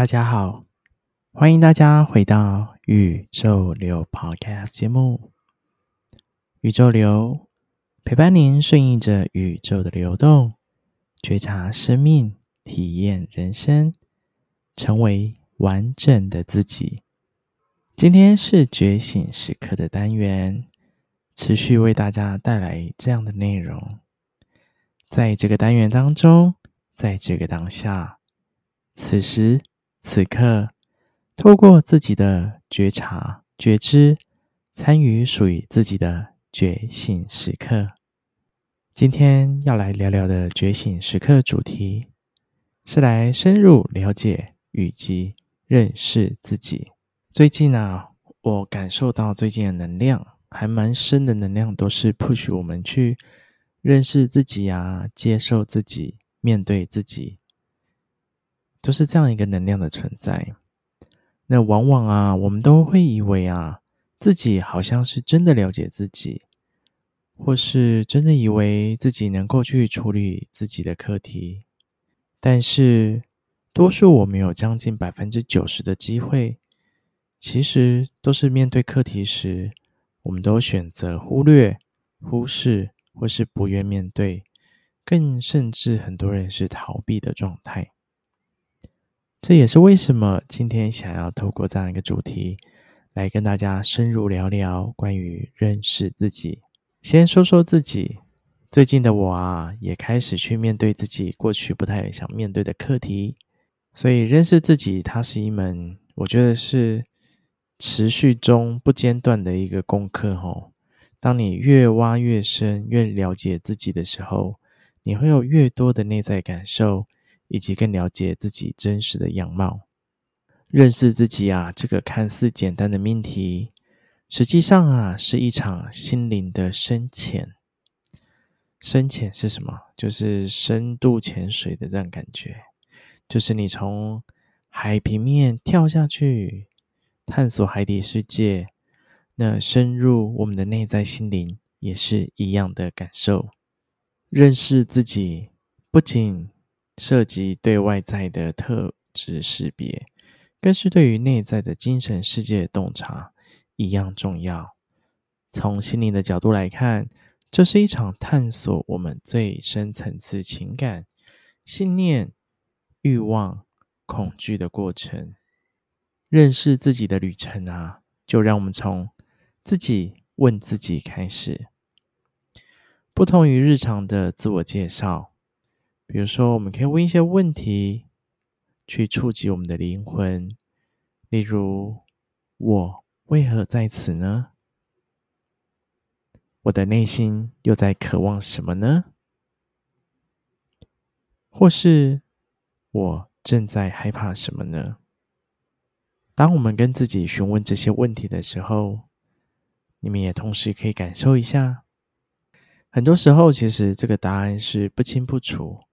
大家好，歡迎大家回到宇宙流 Podcast 節目。宇宙流陪伴您順應着宇宙的流動，覺察生命，體驗人生，成為完整的自己。今天是覺醒時刻的單元，持續為大家帶來這樣的內容。在這個單元當中，在這個當下，此時。此刻，透過自己的覺察、覺知，參與屬於自己的覺醒時刻。今天要來聊聊的覺醒時刻主題，是來深入了解以及認識自己。最近啊，我感受到最近的能量，還蠻深的能量，都是 push 我們去認識自己啊，接受自己，面對自己。都是這樣一個能量的存在。那往往啊，我們都會以為啊，自己好像是真的了解自己，或是真的以為自己能夠去處理自己的課題。但是，多數我們有將近百分之九十的機會，其實都是面對課題時，我們都選擇忽略、忽視，或是不願面對，更甚至，很多人是逃避的狀態。這也是為什麼今天想要透過這樣一個主題，來跟大家深入聊聊關於認識自己。先說說自己，最近的我啊，也開始去面對自己過去不太想面對的課題。所以，認識自己，它是一門我覺得是持續中不間斷的一個功課吼，當你越挖越深，越了解自己的時候，你會有越多的內在感受。以及更了解自己真實的樣貌，認識自己啊，這個看似簡單的命題，實際上啊，是一場心靈的深潛。深潛是什麼？就是深度潛水的這樣感覺，就是你從海平面跳下去，探索海底世界。那深入我們的內在心靈，也是一樣的感受。認識自己，不僅。涉及對外在的特質識別，更是對於內在的精神世界洞察，一樣重要。從心靈的角度來看，這是一場探索我們最深層次情感、信念、欲望、恐懼的過程。認識自己的旅程啊，就讓我們從自己問自己開始。不同於日常的自我介紹。比如說，我們可以問一些問題去觸及我們的靈魂，例如“我為何在此呢？”“我的內心又在渴望什麼呢？”或是“我正在害怕什麼呢？”當我們跟自己詢問這些問題的時候，你們也同時可以感受一下。很多時候，其實這個答案是不清不楚。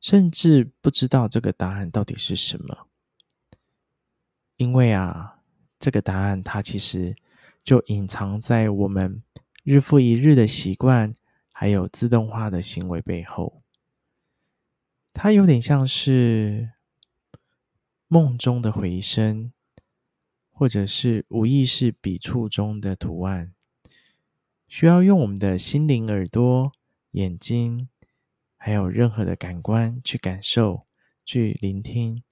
甚至不知道這個答案到底是什麼，因為啊，這個答案它其實就隱藏在我們日復一日的習慣，還有自動化的行為背後。它有點像是夢中的回聲，或者是無意識筆觸中的圖案，需要用我們的心靈、耳朵、眼睛。還有任何的感官去感受、去聆聽，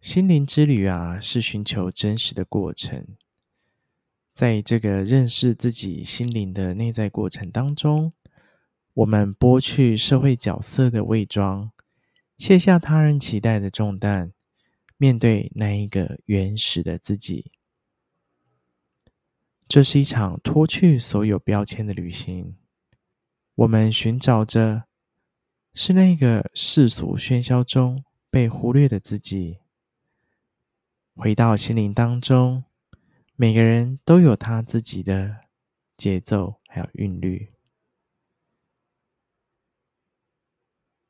心靈之旅啊，是尋求真實的過程。在這個認識自己心靈的內在過程當中，我們剝去社會角色的偽裝，卸下他人期待的重擔，面對那一個原始的自己。這是一場脫去所有標籤的旅行，我們尋找着。是那個世俗喧囂中被忽略的自己，回到心靈當中。每個人都有他自己的節奏，還有韻律。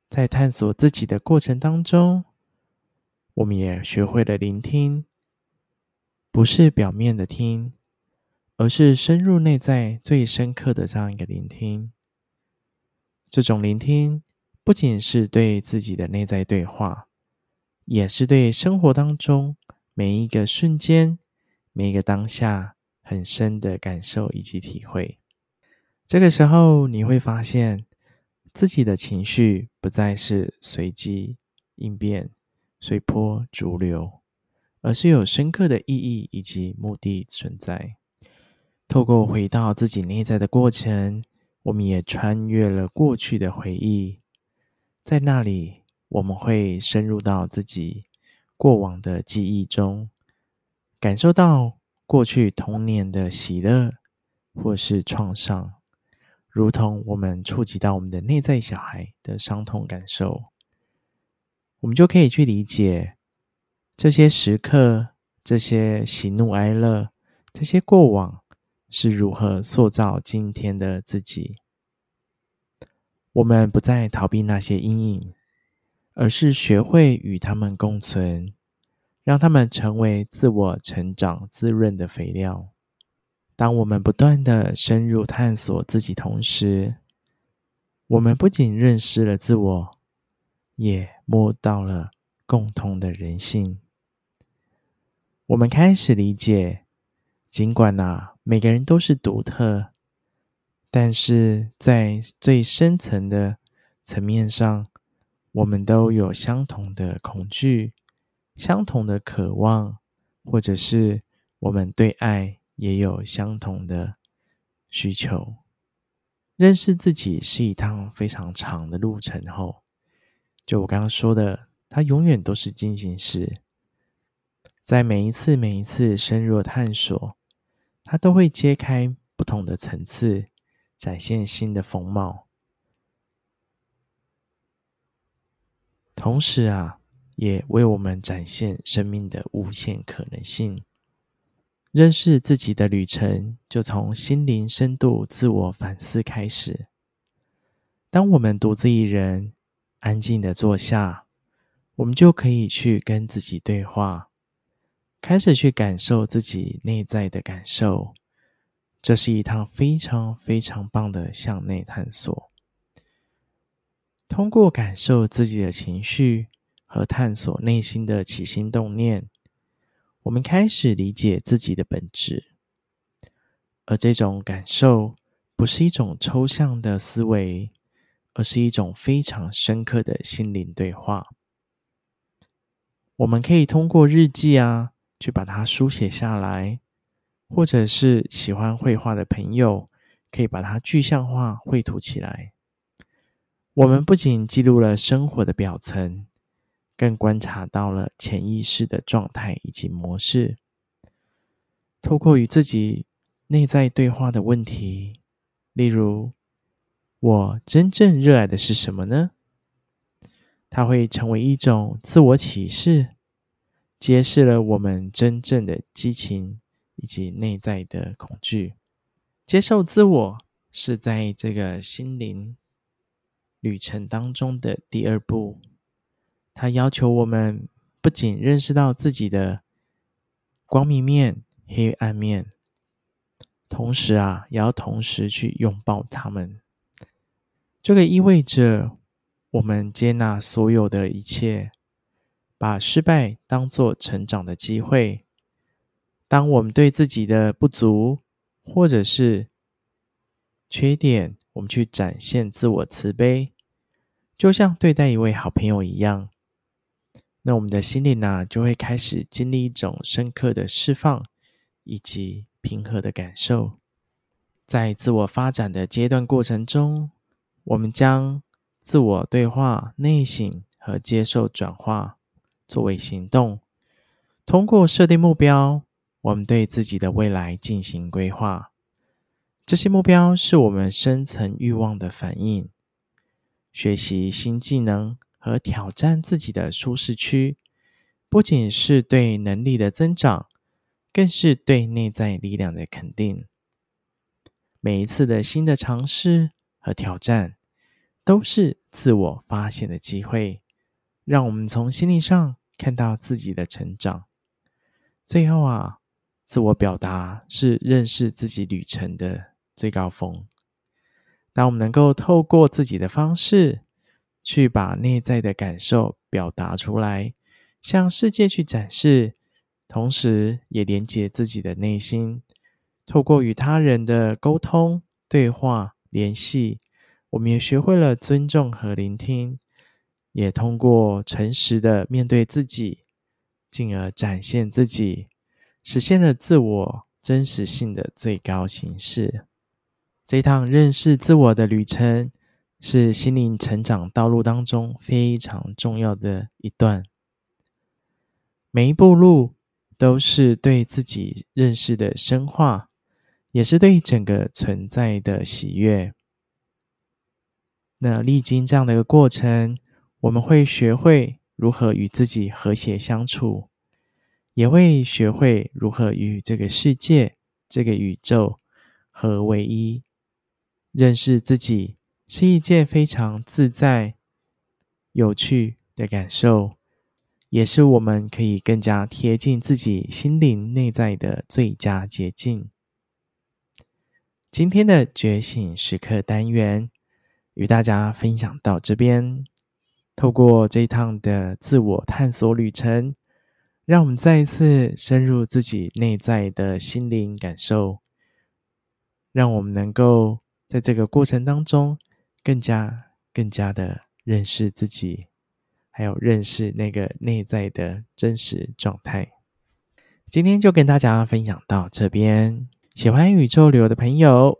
在探索自己的過程當中，我們也學會了聆聽，不是表面的聽，而是深入內在最深刻的這樣一個聆聽。這種聆聽，不僅是對自己的內在對話，也是對生活當中每一個瞬間、每一個當下很深的感受以及體會。這個時候，你會發現自己的情緒不再是隨機應變、隨波逐流，而是有深刻的意義以及目的存在。透過回到自己內在的過程，我們也穿越了過去的回憶。在那裡，我們會深入到自己過往的記憶中，感受到過去童年的喜樂或是創傷，如同我們觸及到我們的內在小孩的傷痛感受，我們就可以去理解這些時刻、這些喜怒哀樂、這些過往是如何塑造今天的自己。我們不再逃避那些陰影，而是學會與它們共存，讓它們成為自我成長滋潤的肥料。當我們不斷地深入探索自己同時，我們不僅認識了自我，也摸到了共同的人性。我們開始理解，儘管啊，每個人都是獨特。但是在最深層的層面上，我們都有相同的恐懼、相同的渴望，或者是我們對愛也有相同的需求。認識自己是一趟非常長的路程後，就我剛剛說的，它永遠都是進行式。在每一次、每一次深入的探索，它都會揭開不同的層次。展現新的風貌，同時啊，也為我們展現生命的無限可能性。認識自己的旅程，就從心靈深度自我反思開始。當我們獨自一人，安靜地坐下，我們就可以去跟自己對話，開始去感受自己內在的感受。這是一趟非常非常棒的向內探索。通過感受自己的情緒和探索內心的起心動念，我們開始理解自己的本質。而這種感受不是一種抽象的思維，而是一種非常深刻的心靈對話。我們可以通過日記啊，去把它書寫下來。或者是喜歡繪畫的朋友，可以把它具象化、繪圖起來。我們不僅記錄了生活的表層，更觀察到了潛意識的狀態以及模式。透過與自己內在對話的問題，例如“我真正熱愛的是什麼呢？”它會成為一種自我啟示，揭示了我們真正的激情。以及內在的恐懼，接受自我是在這個心靈旅程當中的第二步。它要求我們不僅認識到自己的光明面、黑暗面，同時啊，也要同時去擁抱他們。這個意味着我們接納所有的一切，把失敗當作成長的機會。當我們對自己的不足或者是缺點，我們去展現自我慈悲，就像對待一位好朋友一樣，那我們的心靈呢、啊、就會開始經歷一種深刻的釋放以及平和的感受。在自我發展的階段過程中，我們將自我對話、內省和接受轉化作為行動，通過設定目標。我們對自己的未來進行規劃，這些目標是我們深層慾望的反應。學習新技能和挑戰自己的舒適區，不僅是對能力的增長，更是對內在力量的肯定。每一次的新的嘗試和挑戰，都是自我發現的機會，讓我們從心理上看到自己的成長。最後啊。自我表達是認識自己旅程的最高峰。當我們能夠透過自己的方式去把內在的感受表達出來，向世界去展示，同時也連接自己的內心，透過與他人的溝通、對話、聯繫，我們也學會了尊重和聆聽，也通過誠實的面對自己，進而展現自己，實現了自我真實性的最高形式。這一趟認識自我的旅程，是心靈成長道路當中非常重要的一段。每一步路都是對自己認識的深化，也是對整個存在的喜悅。那歷經這樣的一個過程，我們會學會如何與自己和諧相處。也會學會如何與這個世界、這個宇宙合為一，認識自己是一件非常自在、有趣的感受，也是我們可以更加貼近自己心靈內在的最佳捷徑。今天的覺醒時刻單元與大家分享到這邊，透過這一趟的自我探索旅程。讓我們再一次深入自己內在的心靈感受，讓我們能夠在這個過程當中更加、更加的認識自己，還有認識那個內在的真實狀態。今天就跟大家分享到這邊，喜歡宇宙流的朋友，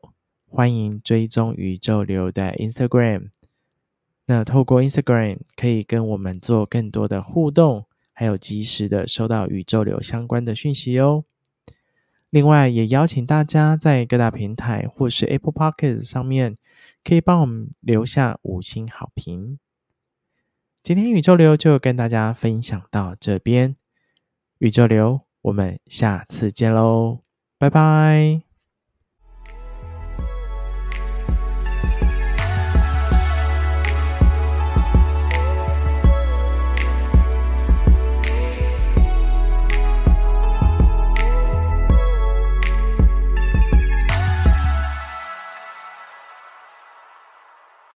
歡迎追蹤宇宙流的 Instagram。那透過 Instagram 可以跟我們做更多的互動。還有及時的收到宇宙流相關的訊息哦。另外，也邀請大家在各大平台或是 Apple Podcast 上面，可以幫我們留下五星好評。今天宇宙流就跟大家分享到這邊，宇宙流，我們下次見嘍，拜拜。